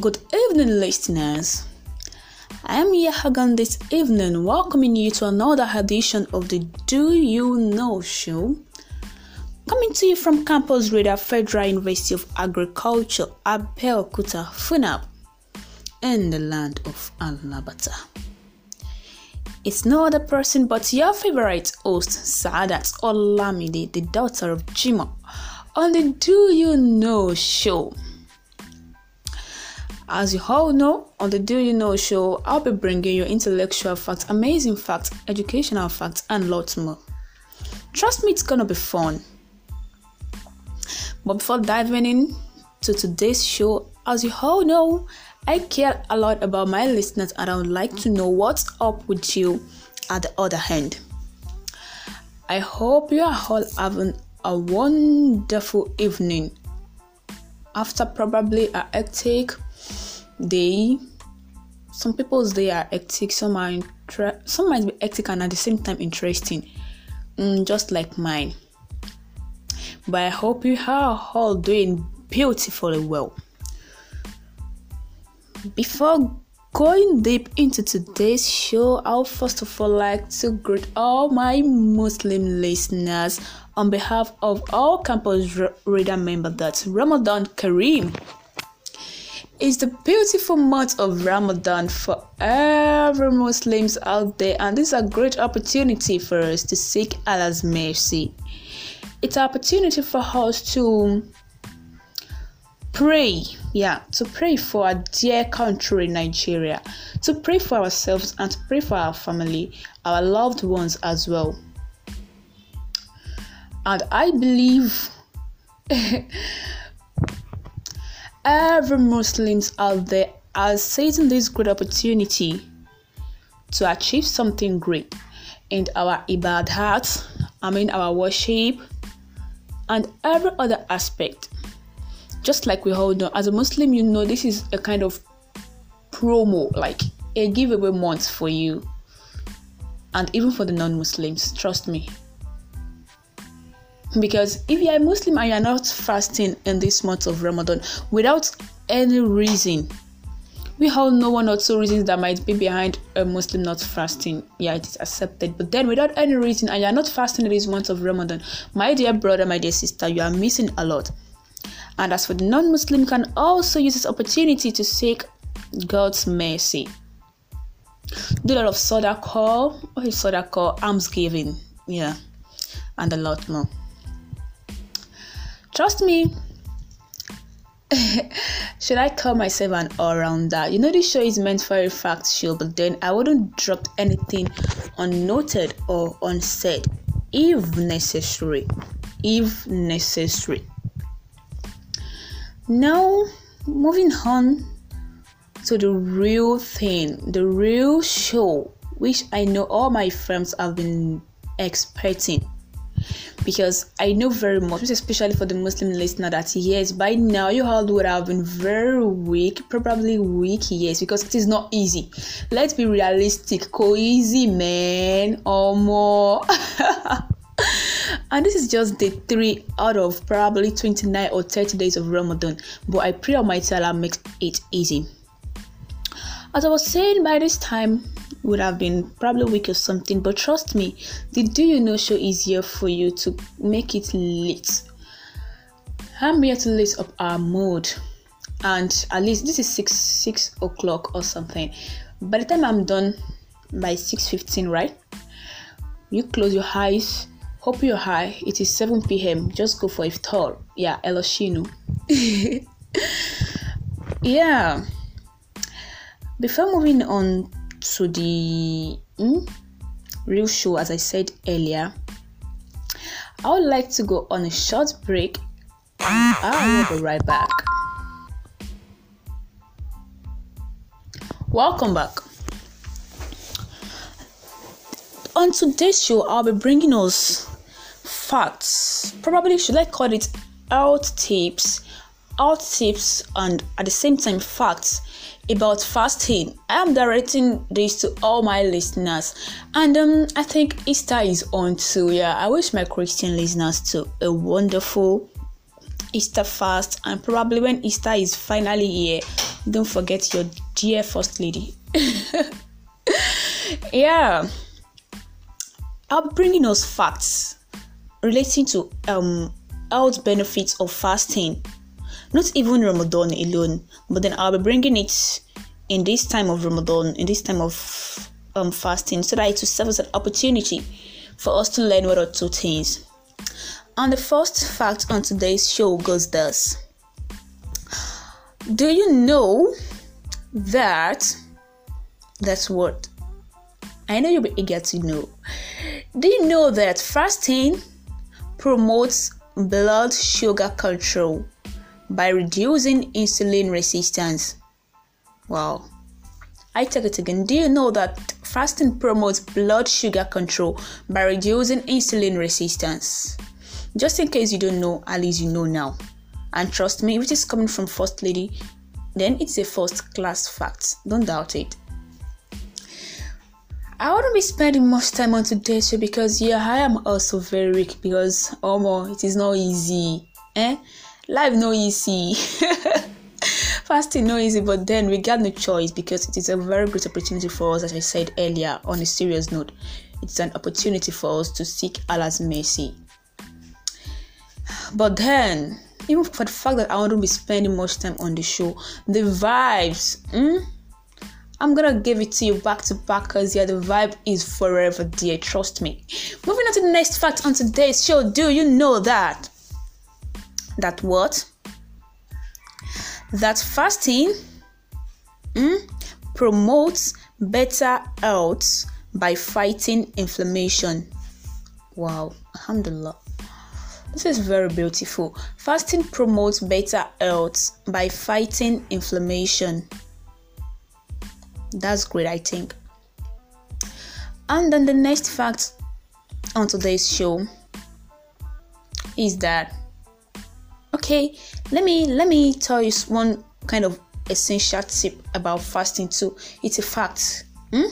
Good evening, listeners. I'm Yahagan this evening, welcoming you to another edition of the Do You Know show. Coming to you from Campus Radar Federal University of Agriculture, Abeokuta, Funab, in the land of Alabata. It's no other person but your favorite host, Sadat Olamide, the daughter of Jima, on the Do You Know show. As you all know, on the Do You Know show, I'll be bringing you intellectual facts, amazing facts, educational facts, and lots more. Trust me, it's gonna be fun. But before diving in to today's show, as you all know, I care a lot about my listeners and I would like to know what's up with you at the other hand. I hope you are all having a wonderful evening after probably a hectic they some people's they are hectic some are intre- some might be hectic and at the same time interesting mm, just like mine but i hope you are all doing beautifully well before going deep into today's show i would first of all like to greet all my muslim listeners on behalf of all campus reader members that ramadan kareem it's the beautiful month of Ramadan for every Muslims out there, and this is a great opportunity for us to seek Allah's mercy. It's an opportunity for us to pray, yeah, to pray for our dear country, Nigeria, to pray for ourselves and to pray for our family, our loved ones as well. And I believe. every Muslims out there are seizing this great opportunity to achieve something great in our ibadat, I mean our worship, and every other aspect. Just like we hold on as a Muslim, you know this is a kind of promo, like a giveaway month for you, and even for the non-Muslims. Trust me, because if you are a Muslim and you are not fasting in this month of Ramadan without any reason, we all know one or two reasons that might be behind a Muslim not fasting. Yeah, it is accepted, but then without any reason, and you are not fasting in this month of Ramadan, my dear brother, my dear sister, you are missing a lot. And as for the non Muslim, can also use this opportunity to seek God's mercy. Do a lot of soda call, or soda call, alms giving, yeah, and a lot more. Trust me. Should I call myself an all rounder? You know, this show is meant for a fact show, but then I wouldn't drop anything unnoted or unsaid if necessary. If necessary. Now, moving on to the real thing, the real show, which I know all my friends have been expecting because I know very much, especially for the Muslim listener, that yes, by now your health would have been very weak, probably weak, yes, because it is not easy. Let's be realistic. Go easy, man, or more. and this is just the 3 out of probably 29 or 30 days of Ramadan. But I pray Almighty Allah makes it easy. As I was saying, by this time, would have been probably week or something, but trust me, the Do You Know show is here for you to make it lit. I'm here to lit up our mood, and at least this is six six o'clock or something. By the time I'm done by six fifteen, right? You close your eyes. Hope you're high. It is 7 p.m. Just go for all Yeah, Eloshino. yeah. Before moving on to the mm, real show, as I said earlier, I would like to go on a short break and I will be right back. Welcome back. On today's show, I'll be bringing us facts. Probably should I call it out tips, out tips, and at the same time facts about fasting. I am directing this to all my listeners, and um, I think Easter is on too. Yeah, I wish my Christian listeners to a wonderful Easter fast, and probably when Easter is finally here, don't forget your dear First Lady. yeah, I'm bringing us facts relating to um health benefits of fasting not even Ramadan alone, but then I'll be bringing it in this time of Ramadan, in this time of um, fasting, so that it will serve as an opportunity for us to learn one or two things. And the first fact on today's show goes thus Do you know that? That's what I know you'll be eager to know. Do you know that fasting promotes blood sugar control? by reducing insulin resistance. Wow. I take it again. Do you know that fasting promotes blood sugar control by reducing insulin resistance? Just in case you don't know, at least you know now. And trust me, if it is coming from First Lady, then it's a first class fact. Don't doubt it. I wouldn't be spending much time on today's show because yeah, I am also very weak because oh, um, it is not easy. Eh? life no easy fasting no easy but then we got no choice because it is a very great opportunity for us as i said earlier on a serious note it's an opportunity for us to seek allah's mercy but then even for the fact that i won't be spending much time on the show the vibes mm, i'm gonna give it to you back to back because yeah the vibe is forever dear trust me moving on to the next fact on today's show do you know that that what? That fasting mm, promotes better health by fighting inflammation. Wow, alhamdulillah. This is very beautiful. Fasting promotes better health by fighting inflammation. That's great, I think. And then the next fact on today's show is that okay let me let me tell you one kind of essential tip about fasting too it's a fact hmm?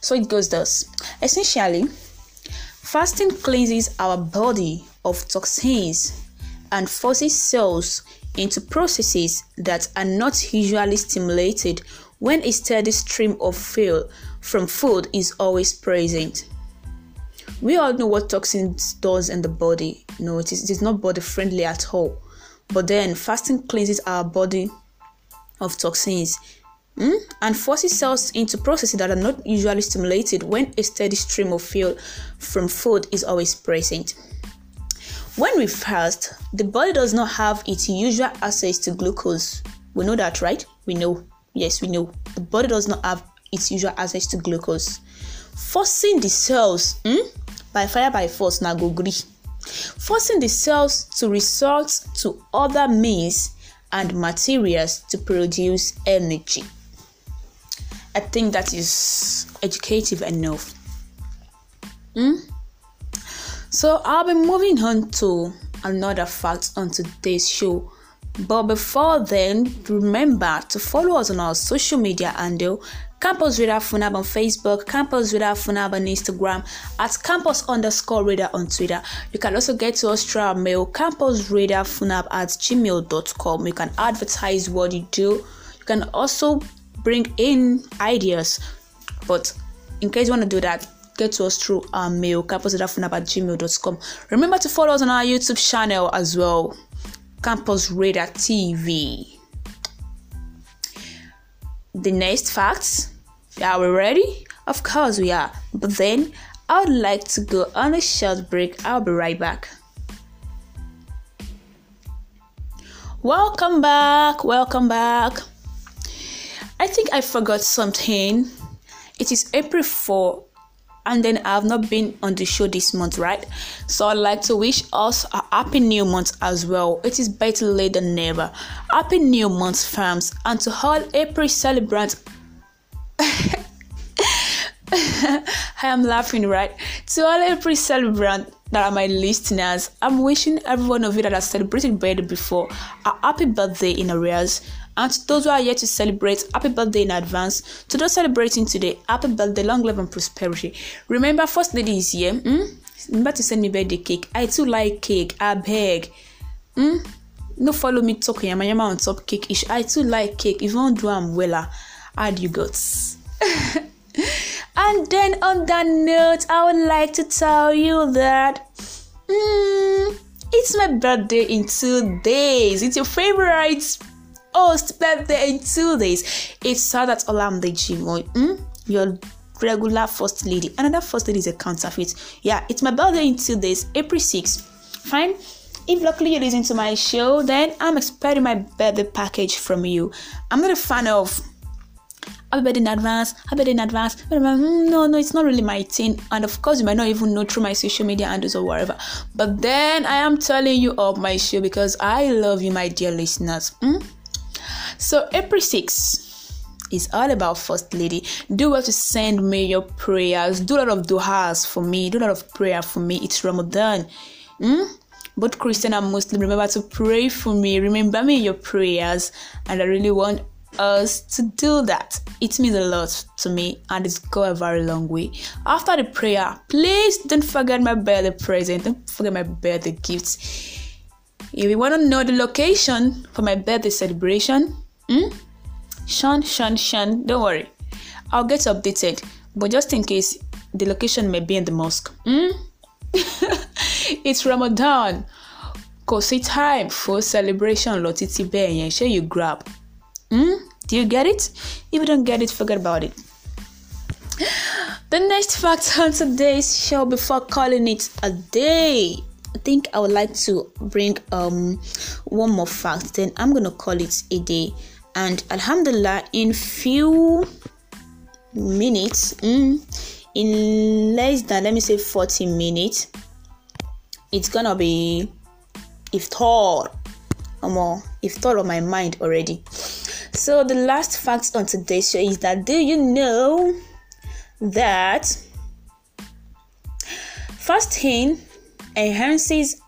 so it goes thus essentially fasting cleanses our body of toxins and forces cells into processes that are not usually stimulated when a steady stream of fuel from food is always present we all know what toxins does in the body. You know, it is, it is not body friendly at all. But then fasting cleanses our body of toxins mm, and forces cells into processes that are not usually stimulated when a steady stream of fuel from food is always present. When we fast, the body does not have its usual access to glucose. We know that, right? We know. Yes, we know. The body does not have its usual access to glucose, forcing the cells mm, by fire by force na go gree forcing the cells to resort to other means and materials to produce energy i think that is educative enough hmm? so i'll be moving on to another fact on today's show but before then remember to follow us on our social media handle Campus Radar Funab on Facebook, Campus Radar Funab on Instagram, at campus underscore radar on Twitter. You can also get to us through our mail, Funab at gmail.com. You can advertise what you do. You can also bring in ideas, but in case you want to do that, get to us through our mail, Campus Funab at gmail.com. Remember to follow us on our YouTube channel as well, Campus Radar TV the next facts. Are we ready? Of course we are. But then I would like to go on a short break. I'll be right back. Welcome back. Welcome back. I think I forgot something. It is April 4 and then I have not been on the show this month, right? So I'd like to wish us a happy new month as well. It is better late than never. Happy new month, fams, and to all April celebrants. I am laughing, right? To all April celebrants that are my listeners, I'm wishing every one of you that has celebrated birthday before a happy birthday in arrears. And to those who are yet to celebrate, happy birthday in advance. To those celebrating today, happy birthday, long life and prosperity. Remember, First Lady is here. Hmm. Remember to send me birthday cake. I too like cake. I beg. Hmm. No follow me talking yama yama on top cake ish. I too like cake. Even you don't do i am weller, add you guts. and then on that note, I would like to tell you that. Mm, it's my birthday in two days. It's your favorite host birthday in two days. It's sad that Olamide Jimoh, hmm? your regular first lady, another first lady is a counterfeit. Yeah, it's my birthday in two days, April 6th. Fine. If luckily you listen to my show, then I'm expecting my birthday package from you. I'm not a fan of happy birthday in advance, happy birthday in advance. But like, mm, um, no, no, it's not really my thing. And of course, you might not even know through my social media handles or whatever. But then I am telling you of my show because I love you, my dear listeners. Mm? So April 6 is all about First Lady. Do well to send me your prayers. Do a lot of duhas for me. Do a lot of prayer for me. It's Ramadan. Hmm? Both Christian and Muslim, remember to pray for me. Remember me in your prayers. And I really want us to do that. It means a lot to me and it's go a very long way. After the prayer, please don't forget my birthday present. Don't forget my birthday gifts. If you want to know the location for my birthday celebration, Hmm? Shun, shun, shun. Don't worry. I'll get updated, but just in case, the location may be in the mosque. Hmm? it's Ramadan. cause it's time for celebration lotiti bay. I yẹn. you grab? Hmm? Do you get it? If you don't get it, forget about it. The next fact on today's show, before calling it a day, I think I would like to bring um one more fact. Then I'm gonna call it a day and alhamdulillah in few minutes mm, in less than let me say 40 minutes it's gonna be iftar or more iftar on my mind already so the last fact on today's show is that do you know that fasting enhances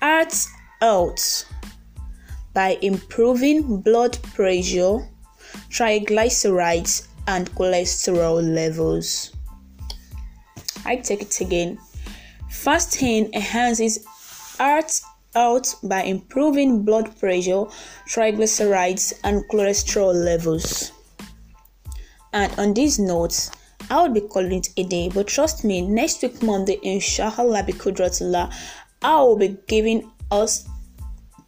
heart health by improving blood pressure, triglycerides, and cholesterol levels. I take it again. Fasting enhances heart health by improving blood pressure, triglycerides, and cholesterol levels. And on these notes, I will be calling it a day, but trust me, next week Monday, inshallah, bikudratullah, I will be giving us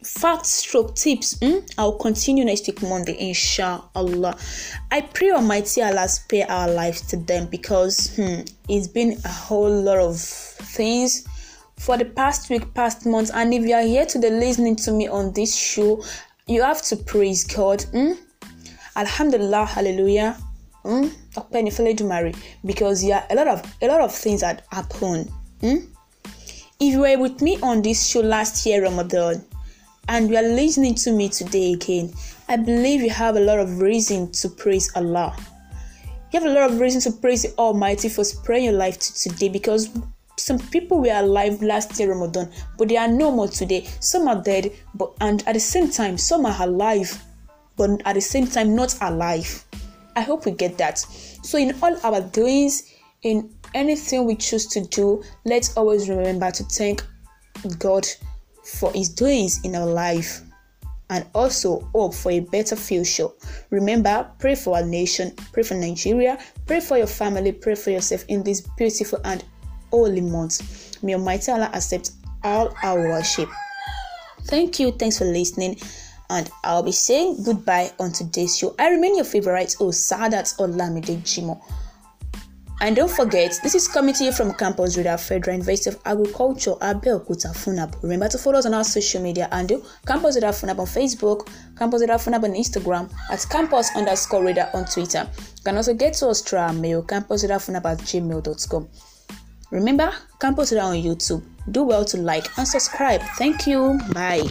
fat stroke tips hmm? i'll continue next week monday inshallah i pray almighty allah spare our lives to them because hmm, it's been a whole lot of things for the past week past month. and if you are here today listening to me on this show you have to praise god hmm? alhamdulillah hallelujah hmm? because yeah a lot of a lot of things had happened hmm? if you were with me on this show last year ramadan and you are listening to me today again, I believe you have a lot of reason to praise Allah. You have a lot of reason to praise the Almighty for sparing your life to today because some people were alive last year Ramadan, but they are no more today. Some are dead, but and at the same time, some are alive, but at the same time not alive. I hope we get that. So in all our doings, in anything we choose to do, let's always remember to thank God for His doings in our life and also hope for a better future. Remember, pray for our nation, pray for Nigeria, pray for your family, pray for yourself in this beautiful and holy month. May Almighty Allah accept all our worship. Thank you, thanks for listening, and I'll be saying goodbye on today's show. I remain your favorite host, Sadat Olamide Jimo. And don't forget, this is coming to you from Campus Reader. Federal University of Agriculture, Abeokuta, Funab. Remember to follow us on our social media and do Campus Reader Funab on Facebook, Campus Reader Funab on Instagram, at campus underscore Reader on Twitter. You can also get to us through our mail, campusradarfunab at gmail.com. Remember, Campus Reader on YouTube. Do well to like and subscribe. Thank you. Bye.